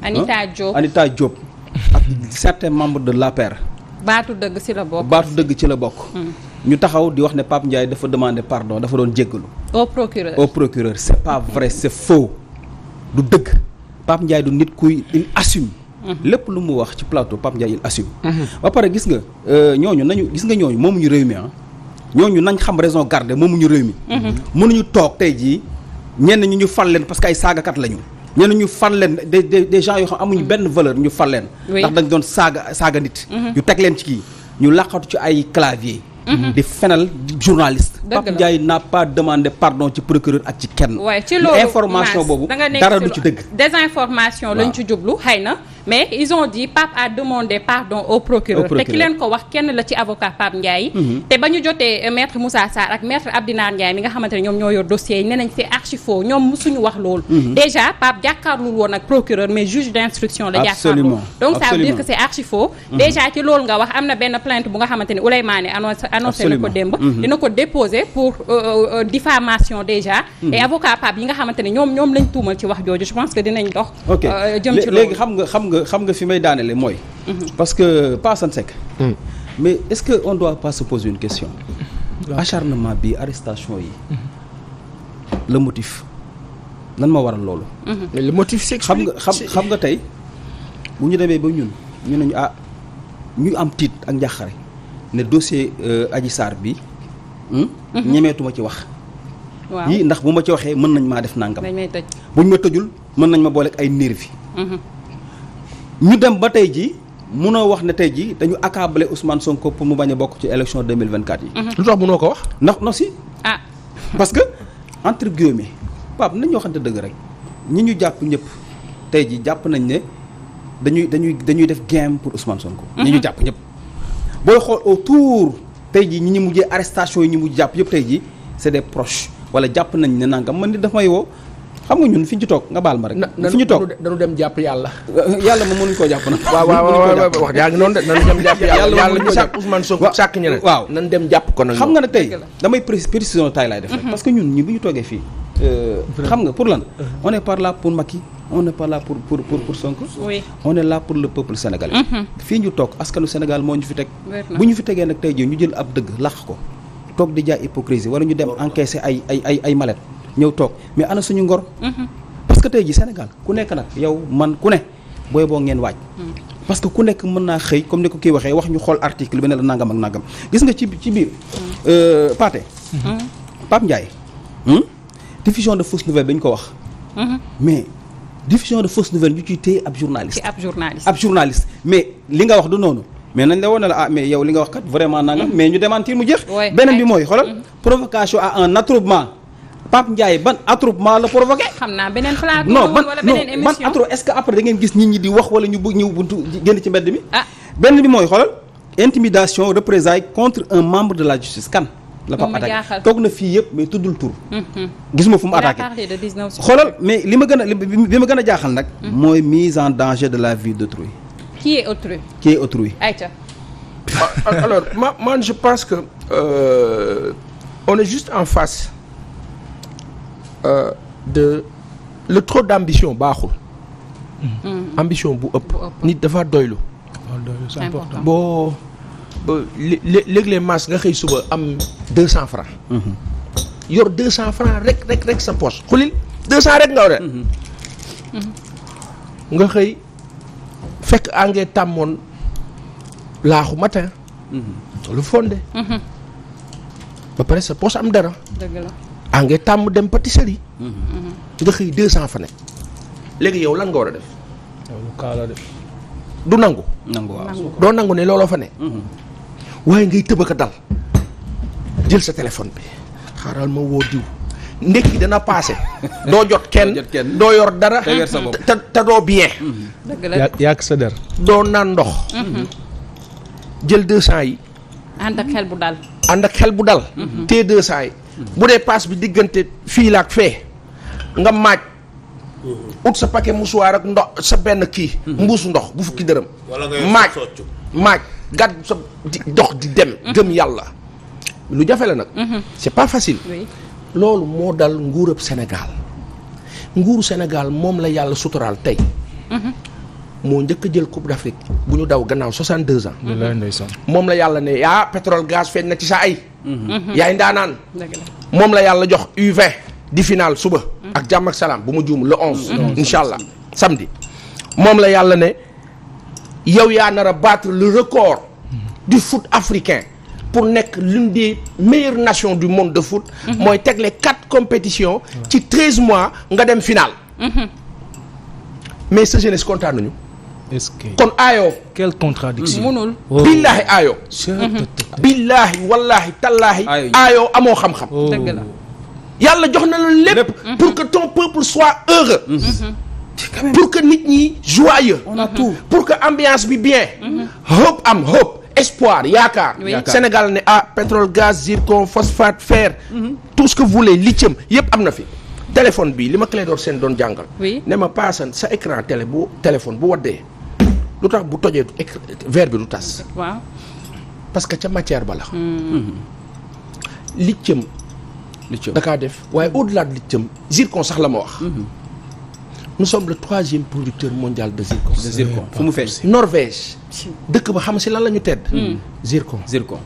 Speaker 2: Anita Diop Anita
Speaker 1: Diop ak certains membre de l'APR.
Speaker 2: baatu dëgg ci la bokk baatu dëgg ci la bokk. Hmm.
Speaker 1: ñu taxaw di wax ne Pape Ndiaye dafa demander pardon dafa doon jéggalu.
Speaker 2: au procureur au
Speaker 1: procureur c'est pas vrai c'est faux. du dëgg Pape Ndiaye du nit kuy il assume. Hmm. lépp lu mu wax ci plateau Pape Ndiaye il assume. Hmm. ba pare gis nga euh, ñooñu nañu gis nga ñooñu moomuñu réew mi ah. ñooñu nañ xam raison garder moomuñu réew mi. Mhm. mënuñu toog tey jii ñenn ñu ñu fal leen parce que ay saagakat lañu. ñenn ñu fan leen de des gens yoo xam amuñu benn valeur ñu fal leen. ndax dañ doon saaga saaga nit. Mhm. ñu teg leen ci ñu laqatu ci ay clavier. Mhm. di fenal journalist Pape Ndiaye n'a pas demandé pardon ci procureur ak ci kenn. waaye ci loolu information boobu dara du ci dëgg.
Speaker 2: désinformation lañ ci jublu xëy na mais ils ont dit Pape a demandé pardon au procureur te ki leen ko wax kenn la ci avocat Pape Ndiaye. Mhm. te ba ñu jotee euh, maître Moussa Sarr ak maître Abdinaar Ndiaye mi nga xamante ne ñoom ñoo yor dossier yi nee nañ c'est archi faux ñoom wax loolu. Mhm. déjà Pape jàkkaarlul woon ak procureur mais juge d'instruction la. déposé pour euh, euh, euh, diffamation déjà. Hmm. et avocat Pape yi nga xamante ni ñoom ñoom lañ tuumal ci wax jooju je pense que dinañ dox.
Speaker 1: Euh, jëm ci loolu léegi xam nga xam nga xam nga fi may daanale mooy. Hmm. parce que Pa Assane hmm. mais est-ce que on doit pas se poser une question. acharnement bi arrestation yi. le motif nan ma waral loolu. mais le xam nga xam xam nga tey bu ñu demee ba ñun ñu ne ñu ah ñu am tiit ak njàqare ne dossier Adji Sarr bi. Hmm? Mhm. ñemeetuma ci wax yii ndax bu ma ci waxee mën nañ maa def nangam buñ ma tëjul mën nañ ma booleeg ay nervi mhm. ñu dem ba tey ji munoo wax ne tey ji dañu accablé Ousmane Sonko pour mu bañ a bokk ci élection 2024 yi mhm. lu tax munoo ko wax ndax non si ah parce que entre guillemets Pape nañu waxante dëgg rek ñi ñu jàpp ñëpp tey ji jàpp nañ ne dañuy dañuy dañuy def game pour Ousmane Sonko ñi ñu jàpp ñëpp booy xool autour tey jii ñi ñu mujjee arrestation yi ñu mujj jàpp yëpp tey jii c'est des proches wala jàpp nañ ne nangam man ni daf may woo xam nga ñun fi ñu toog nga
Speaker 3: baal ma rek. fi ñu toog dañu dem jàpp yàlla. yàlla moom mënuñ koo jàpp nag. waaw waaw wax yaa dem jàpp ko nag. xam nga ne tey damay
Speaker 1: précision taay laay def rek. Mhm. parce que ñun ñi ñu toogee fii. Euh, xam nga pour lan mhm. on est par là pour Macky on n'est pour pour pour pour Sonko. oui on est là pour le peuple sénégalais. Mhm. fii ñu toog askanu Sénégal moo ñu fi teg. bu ñu fi tegee nag tey jii ñu jël ab dëgg làq ko toog di jaay hypocrisie wala ñu dem encaisser ay ay ay ñëw toog mais ana suñu ngor. Mhm. parce que tey jii Sénégal ku nekk nag yow man ku ne booy boo ngeen waaj. Mhm. parce que ku nekk mën naa xëy comme ni ko kii waxee wax ñu xool article bi ne la nangam ak nangam gis nga ci ci biir. Euh, Pathé. Pape Ndiaye. Hmm? diffusion de fausse nouvelle bi ko wax. mais. diffusion de fausses nouvelles ñu ciy téye ab journaliste. ab journaliste mais li nga wax du noonu mais nañ la woon la ah mais yow li nga wax kat vraiment nangam mm-hmm. mais ñu démentir mu jeex. beneen bi mooy xoolal mm-hmm. provocation à un attroupement. Pape Ndiaye ban attroupement la provoqué.
Speaker 2: xam naa beneen plateau non ban non ban
Speaker 1: attroupement est-ce que après da gis nit ñi di wax wala ñu bëgg ñëw buntu génn ci mbedd mi. ah benn bi mooy xoolal intimidation représailles contre un membre de la justice kan. la Pape attaqué toog na fii yëpp mais tuddul tur. Mhm. ma fu mu attaqué xoolal mais li ma gën a li ma gën a jaaxal nag. Mhm. mooy mise en danger de la vie d'autrui. qui est autrui. qui est autrui.
Speaker 2: Aïcha.
Speaker 3: Ah, ah, alors ma man je pense que euh, on est juste en face euh, de le trop d'ambition baaxul. Mhm. ambition bu ëpp. nit dafa doylu. boo. léeg-léeg masse nga xëy suba am deux cent francs mm-hmm. yor deux cent francs rek rek rek sa poche xulil deux cent rek nga war mm-hmm. Mm-hmm. nga xëy fekk engrais tàmmoon laaxu matin lu fonde ba pare sa poche am dara dëgg tàmm dem pâtisserie nga xëy deux cent fa nekk léegi yow lan nga war a def du nangu nangu waaw doo nangu ne looloo fa ne waaye ngay tëbaka dal jël sa téléphone bi xaaral ma woo diw ndekki dana paase doo jot kenn doo yor dara te te doo bien yàq sa der doo naan ndox mhm. jël deux yi
Speaker 2: ànd ak xel bu dal
Speaker 3: ànd ak xel bu dal mhm. te deux yi bu dee paas bi diggante fii la ak fee nga maaj mhm. ut sa paquet mouchoir ak ndox sa benn kii mbuusu ndox bu fukki dërëm maaj maaj gàdd sa di dox di dem. Mhm. gëm yàlla lu jafe la nag. Mhm. c'est pas facile. loolu moo dal nguurab Sénégal nguur Sénégal moom la yàlla suturaal tey. Mhm. moo njëkk jël coupe d'Afrique bu ñu daw gannaaw 62 ans. moom la yàlla ne yaa ah, pétrole gaz feeñ na ci sa ay. yaay ndaanaan. moom la yàlla jox u di final suba. ak jàmm ak salaam bu ma juum le 11. incha allah samedi moom la yàlla ne yow yaa nar a battre le record. du foot africain pour nekk l'une des meilleures nations du monde de foot mhm. mooy teg les quatre compétitions ci treize mois nga dem finale mhm. mais sa jeunesse kontaan nañu est-ce que kon aayoo quelle contradiction munul billaahi oh. aayoo billaahi mhm. wallaahi tallaahi aayoo amoo xam-xam oh. dëgg la yàlla jox na la lépp pour que ton peuple soit heureux pour que nit ñi joyeux on a tout pour que ambiance bi bien hope am hope espoir yaakaar. Oui. Sénégal ne ah pétrole gaz zircon phosphate fer. Mm -hmm. tout ce que vous voulez lithium yëpp am na fi. téléphone bi li ma Clédor seen doon jàngal. oui ne ma paasan sa écran télé bu téléphone bu waddee lu tax bu tojee verre bi du tas. waaw parce que ca matière ba la. Mhm. Mhm. lithium. lithium da def waaye au delà de lithium zircon sax la ma wax. Mhm. nous sommes le troisième producteur mondial de zircon. de zircon fu mu dëkk ba xam si lan la ñu tedd. Hmm. zircon zircon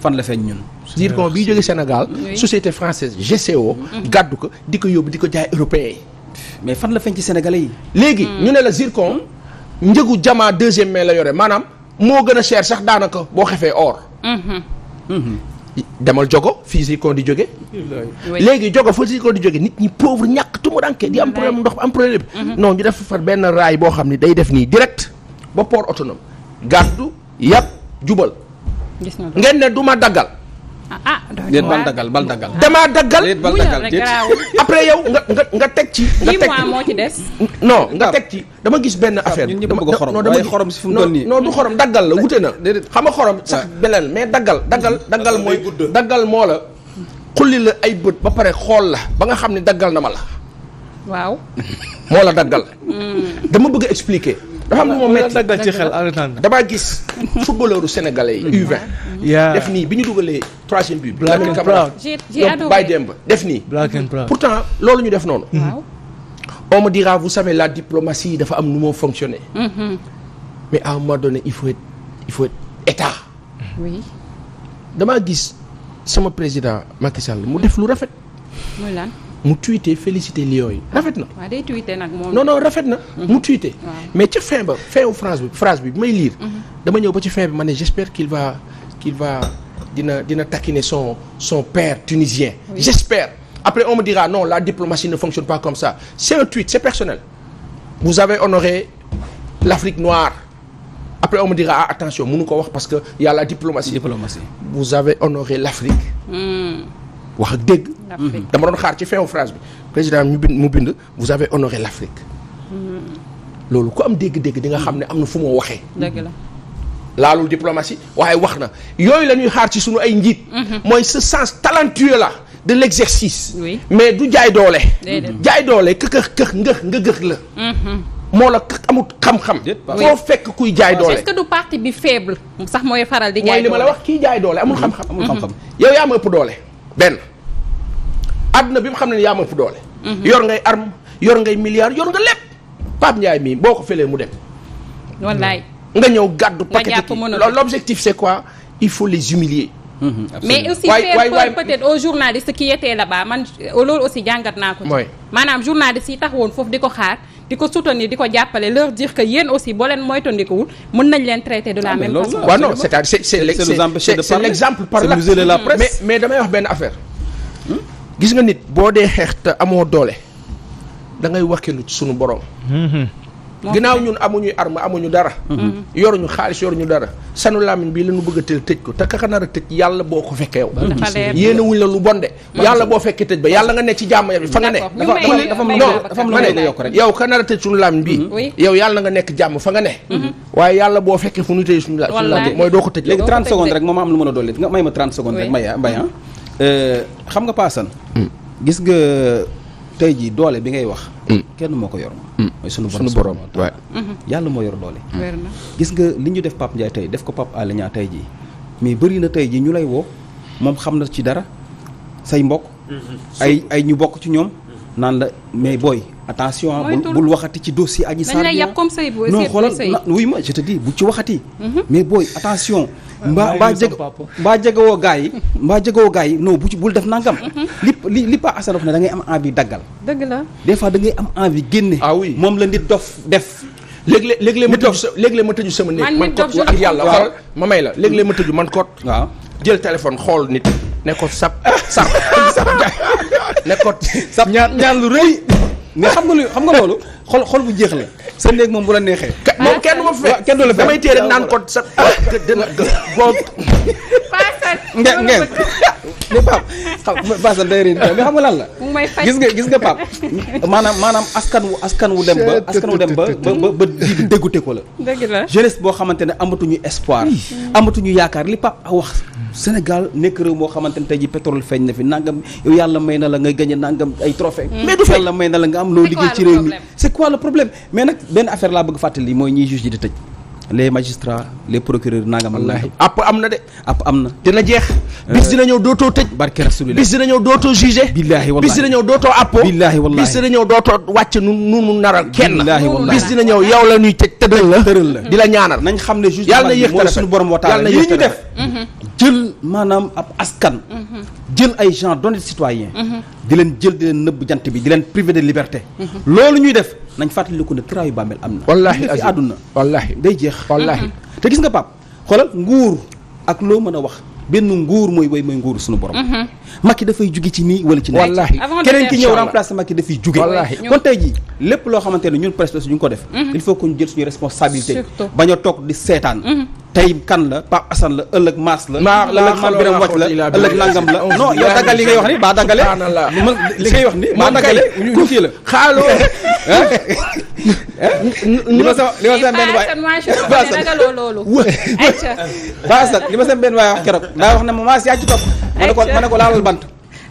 Speaker 3: fan la feeñ ñun. zircon bii jógee Sénégal. société française GCO. Hmm. gàddu ko di ko yóbbu di ko jaay européen yi. mais fan la feeñ ci sénégalais yi. léegi hmm. ñu ne la zircon. njëgu jamaa deuxième mais la yore maanaam moo gën a cher sax daanaka boo xefee oor demal jogo fii si kon di jóge
Speaker 4: léegi jogo fa si
Speaker 3: kon di jóge nit ñi pauvre ñàkk tumuranke di am problème ndox am problème mhm. non ñu def far benn raay boo xam ni day def nii direct ba port autonome gàddu yàpp jubal ngeen ne du ma daggal
Speaker 2: ah, ah déet bal daggal bal daggal. Ah. damaa daggal déet bal daggal déet après yow
Speaker 3: nga nga nga teg ci. nga teg ci moo ci des. non nga teg ci dama gis benn affaire. ñun ñëpp bëgg xorom waaye xorom si fu mu toll nii non du xorom daggal la wute na. xam a xorom sax beneen mais daggal daggal daggal mooy. daggal moo la. xulli la ay bët ba pare xool la ba nga xam ne daggal na ma la. waaw. moo la daggal.
Speaker 2: Mm.
Speaker 3: dama bëgg expliquer. dafa am lu ma metti daggal ci xel damaa gis footballeuru sénégalais yi U20 def nii bi ñu dugalee troisième but bi Lamine Camara donc Baye Demba def nii pourtant loolu ñu def noonu on me dira vous savez la diplomatie dafa am nu moo fonctionner mm-hmm. mais à un moment donné il faut être il faut être état damaa gis sama président Macky Sall mu def lu rafet mu tweeté félicité Lions yi
Speaker 2: rafet na. waaw nag moom non
Speaker 3: non rafet na. Mhm. mu tweeté mais ca fin ba feew wu phrase bi bi may liir mhm. dama ñëw ba ci fin bi ma ne j'espère qu'il va qu'il va dina dina taquiner son son père tunisien. Oui. j'espère après on me dira non la diplomatie ne fonctionne pas comme ça c'est un tweet c'est personnel. vous avez honoré l'Afrique noire après on dira ah attention mënu ko wax parce que yàlla a la diplomatie. diplomatie vous avez honoré l'Afrique.
Speaker 4: Mm.
Speaker 3: wax ak dégg. dama doon xaar ci feewu phrase bi président ñu bind mu bind vous avez honoré l' Afrique.
Speaker 2: Mm-hmm.
Speaker 3: loolu ku am dégg-dégg di nga xam ne am na fu moo waxee. dëgg la laalul diplomatie waaye wax na yooyu la ñuy xaar ci sunu ay njiit. Mm-hmm. mooy ce sens talentueux là de l' mais du jaay doole. Mm-hmm. jaay doole këkëx këx ngëx nga gëx la. moo la amut xam-xam. foo fekk kuy jaay doole. est-ce
Speaker 2: que du parti bi sax mooy faral di jaay doole mooy li wax
Speaker 3: kii jaay doole amul xam-xam. amul xam-xam yow yaa ma ëpp doole. benn àdduna bi mu xam ne yaa ma fu doole. Mhm. yor ngay arme yor ngay milliard yor nga lépp Pape Ndiaye mii boo ko felee mu dem.
Speaker 2: wallaay hmm.
Speaker 3: nga ñëw gàddu. nga ñàkk l' objectif c' est quoi il faut les humilier. Mmh, mais aussi ouais, faire ouais, peur ouais,
Speaker 2: peut-être aux journalistes qui man euh, loolu aussi jàngat naa ko ci maanaam journalistes yi tax woon foofu di ko xaar di ko soutenir di ko jàppale leur dire que yéen aussi boo leen moytandikuwul mën nañ leen traiter de la ah, même façon.
Speaker 3: waaw non c'est-à-dire c'est c'est c'est l'exemple par là hmm. mais mais damay wax benn affaire hmm? gis nga nit boo dee xeex te amoo doole da ngay wakkilu ci sunu borom. Hmm, ginnaaw ñun amuñuy arme amuñu dara mm-hmm. yoruñu xaalis yoruñu dara sanu làmmiñ bii lañu bëgg a tël tëj ko te kaka nar a tëj yàlla boo ko fekkee yow yéen wuñ la lu bonde yàlla boo fekkee tëj ba yàlla nga ne ci jàmm bi fa nga ne non dafa ma ne a nekk jàmm fa nga ne mm-hmm. waaye yàlla boo fekkee fu ñu tëj suñu làmmiñ mooy doo ko tëj léegi 30 secondes rek moom am lu mën a dolli nga may ma 30 secondes rek ah. mm. euh,
Speaker 1: xam nga paasan mm. gis nga tey jii doole bi ngay wax. Mm. kenn moo ko yor mm. sunu borom sunu borom waay. Mm-hmm. yàlla moo yor doole. gis nga li ñu def Pape Ndiaye tey def ko Pape Alé Niang tey jii mais bëri na tey jii ñu lay woo moom xam na ci dara say mbokk.
Speaker 2: Mm-hmm. ay
Speaker 1: ay ñu bokk ci ñoom. naan la mais booy. attention bul waxati ci dossier Adji Sarr non xoolal wuy ma je te dis bu ci waxati. Mhm. mais booy attention. Ah, mbaa mbaa jeg mbaa jegewoo gars yi. mbaa jegewoo gars yi non bu ci bul def nangam. Mhm. li li li Pa Assane wax ne da ngay am envie daggal. dëgg la des fois da ngay am envie génne. Ah
Speaker 3: moom la nit dof def. léeg-léeg léeg-léeg ma tëju léeg-léeg ma tëju sama néeg man kot ak yàlla xoolal ma may la léeg-léeg ma tëju man kot. waaw jël téléphone xool nit ne ko sap sap sap nekkoon sax ñaan lu rëy mais xam nga lu xam nga loolu
Speaker 1: xol xol bu jeex la sa néeg moom bu la neexee. moom ah, kenn du ma fekk kenn du la fekk damay téye rek naan ko sa. Ah, boo. nge nge ne Pape xam Pape day réer mais xam nga lan la.
Speaker 2: gis nga gis nga Pape. maanaam maanaam
Speaker 1: askan wu askan wu dem ba askan wu dem ba ba ba dégoûté ko la. dëgg la jeunesse boo xamante ne amatuñu espoir. amatuñu yaakaar li Pape wax. Sénégal nekk réew moo xamante ne tey ji pétrole feeñ na fi nangam yow yàlla may na la ngay gagné nangam ay trophée mm. mais du yàlla may na la nga am loo liggéey ci réew mi quoi le problème mais nag benn affaire laa bëgg fàttali mooy ñiy juge ji di tëj les magistrats les procureurs
Speaker 3: nangam wallaahi app am na de app am na dina jeex euh, bis dina ñëw dootoo tëj barke rasulillah bis dina ñëw dootoo jugé billaahi wallaahi bis dina ñëw dootoo appo billaahi wallaahi bis dina ñëw dootoo wàcc nu nu mu naral kenn bis dina ñëw yow la ñuy tëj tëddal la tëral la di la ñaanal nañ xam ne juge yàlla na yéex suñu
Speaker 1: borom wa taala yii ñu def jël maanaam ab askan. jël ay gens donnés citoyens. Mhm. di leen jël di leen nëbb jant bi di leen privé de liberté. Mhm. loolu ñuy def nañ fàttaliku ne yu bàmmeel am na. wallaahi fi àdduna wallaahi day jeex. wallaahi te gis nga Pape xoolal nguur ak loo mën a wax. benn nguur mooy woy mooy nguuru suñu borom
Speaker 4: mhm.
Speaker 1: ki dafay jóge ci nii wala ci nii wallaahi keneen ki ñëw remplacer Macky dafay jóge wallaahi kon tey jii lépp loo xamante ne ñun presse ñu ngi ko def mhm. il faut que ñu jël suñu responsabilité bañ a toog di seetaan mhm. tey kan la Pape assan la ëllëg Maas la. maa la ëllëg man Birame Wacc la ëllëg nangam la. non yow daggal li ngay wax ni baa daggale. li ngay wax ni baa daggale.
Speaker 3: fii la xaaloo. li
Speaker 1: ma sama li ma sama benn waay li ma sama benn waay wax keroog ndaa wax na ma maas yaa ci topp ma ne ko ma ne ko laalal bant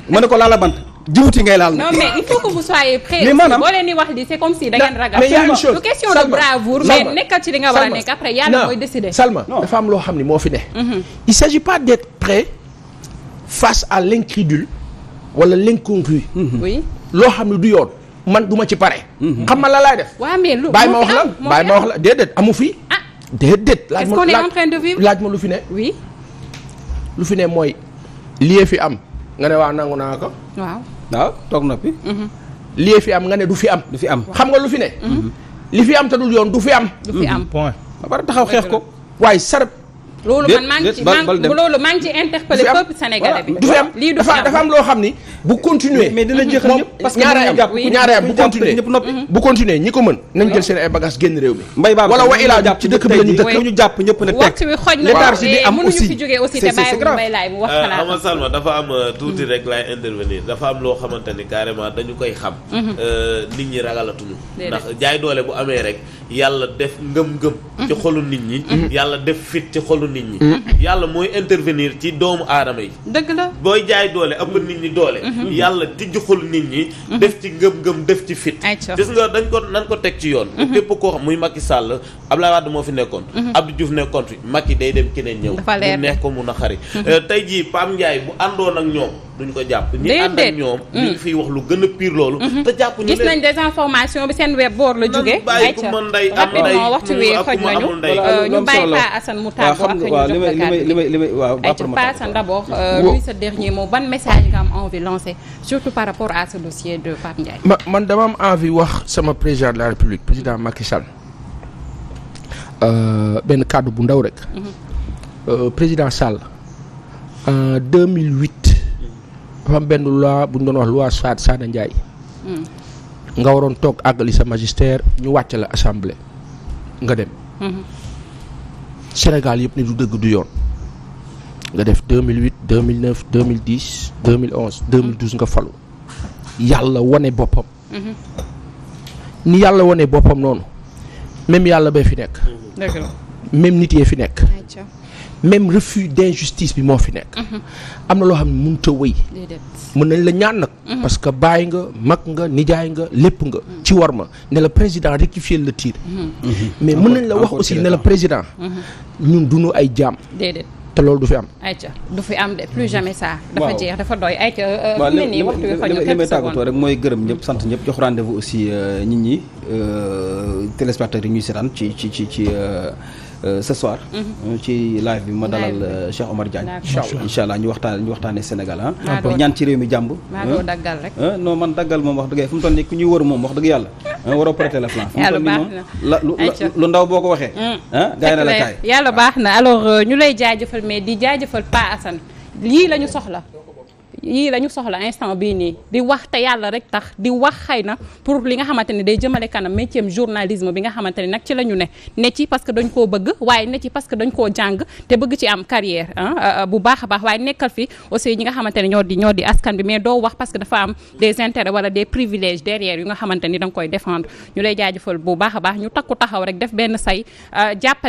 Speaker 1: ma ne ko laalal bant jiwuti ngay laal non mais
Speaker 2: il faut que vous soyez prêts mais maanaam boo leen di wax li c'est comme si da ragal mais a une chose question de bravoure mais nekkal ci li nga war a nekk après yàlla mooy décider Salma dafa
Speaker 3: am loo xam ne moo fi ne mhm. il s'agit pas d'être prêt face à l'incrédule wala l'incongru oui loo xam ne du yoon man du ci pare. Mhm. xam ma la laay def.
Speaker 2: waaw mais lu bàyyi ma wax la bàyyi ma wax la
Speaker 3: déedéet amu fi. ah déedéet. laaj ma
Speaker 2: est
Speaker 3: laaj ma lu fi ne. oui. lu fi ne mooy lie fi am nga ne waa nangu naa ko.
Speaker 4: waaw
Speaker 3: toog na mhm. fi. am nga ne du fi am. du fi am xam nga lu fi ne. Mhm. li fi am te dul yoon du fi am. du am point ba pare taxaw xeex ko waaye sar.
Speaker 2: loolu man maa ngi ci loolu maa ngi bi.
Speaker 3: du fi am dafa am loo xam ni bu continuer mais dina jeexal ñëpp parce que ñaare ko mën nañ jël seen ay bagages génn réew mi. mbay baax wala wa ilaa jàpp ci dëkk bi lañu dëkk ñu jàpp ñëpp na
Speaker 2: teg léthargie bi am aussi c'est c'est grave
Speaker 3: euh, dafa am euh, tuuti rek laay
Speaker 1: intervenir dafa am loo xamante ni dañu koy xam mhm. euh, nit ñi ragalatuñu ndax jaay doole bu amee rek yàlla def ngëm-ngëm ci mhm. xolu nit ñi mhm. yàlla def fit ci xolu nit ñi. Hmm. yàlla mooy intervenir ci doomu aadama yi. dëgg la booy jaay doole ëpp nit ñi doole. Hmm. Hmm. yàlla tijji xol nit ñi. def ci ngëm-ngëm def ci fit. gis nga dañ ko nañ ko teg ci yoon. képp koo xam muy Macky Sall Abdoulaye Wade moo fi nekkoon. Abdou Diouf nekkoon fi Macky day dem keneen ñëw. mu neex ko mun a naqari. Euh, tey jii Pam Ndiaye bu àndoon ak ñoom. duñ ko jàpp ñi ànd ak ñoom ñu ngi mm. wax lu gën a pire loolu mm-hmm.
Speaker 2: te jàpp ñu leen gis nañ désinformation bi seen web boor la jóge bàyyi ku mën wax ci wii xoj nañu euh, ñu bàyyi Pa Assane mu tàggoo ak ñu jox kàddu li
Speaker 3: may li may waaw
Speaker 1: ay
Speaker 2: euh, sa dernier mot ban message nga am envie lancé surtout par rapport à ce dossier de Pape Ndiaye
Speaker 3: ma man dama am envie wax sama président de la République président Macky Sall euh, benn kàddu bu ndaw rek mm-hmm. président Sall en dafa am benn loi bu ñu doon wax loi Saad Saada Ndiaye. Hmm. nga waroon toog àggali sa magistère ñu wàcc la assemblée nga dem. Hmm. Sénégal yëpp ni du dëgg du yoon. nga def 2008 2009 2010 2011 2012 nga falu. yàlla wane boppam. Hmm. ni yàlla wane boppam noonu. même yàlla bee fi nekk. même nit yee fi nekk. même refus d'injustice bi moo fi nekk. Mhm. am na loo xam ne mënut a wëy. mën nañ la ñaan nag. Mhm. parce que bàyyi nga mag nga nijaay nga lépp nga. Mhm. ci war ma ne la président rectifier le tir. mais mën nañ la wax aussi ne la président. ñun duñu ay jaam. te loolu du fi am.
Speaker 2: ay ca fi am de plus jamais ça. dafa jeex dafa doy ayca. fi mu ne waxtu bi fa ñu li may
Speaker 1: rek mooy gërëm ñëpp sant ñëpp jox rendez-vous aussi euh, nit ñi euh, téléspectateurs yi ñuy seetaan ci ci ci ci. Euh, Euh, ce soir. Mhm. Euh, ci live bi ma dalal euh, Cheikh Omar Diagne. incha allah ñu waxtaan ñu waxtaanee Sénégal ah. ñaan ci réew mi jàmb. daggal rek. noo man daggal moom wax dëgg yàlla fu mu toll nii ku ñuy wër moom wax dëgg yàlla. waroo prêter la flanc. yàlla baax na lu ndaw boo ko waxee. ah la kaay
Speaker 2: yàlla baax na alors ñu lay jaajëfal mais di jaajëfal Pa Assane lii lañu ñu soxla. yii la ñu soxla instant bii nii di wax te yàlla rek tax di wax xëy na pour li nga xamante ne day jëmale kanam métier journalisme bi nga xamante ne nag ci la ñu ne ne ci parce que dañ koo bëgg waaye ne ci que dañ koo jàng te bëgg ci am ah, ah, ah, a baax waaye nekkal fi aussi ñi nga xamante ne ñoo di ñoo di askan bi mais doo wax parce que dafa am des intérêts wala des privilèges derrière yu nga xamante ni da koy défendre ñu lay jaajëfal bu baax a baax ñu takku taxaw rek def benn say jàppale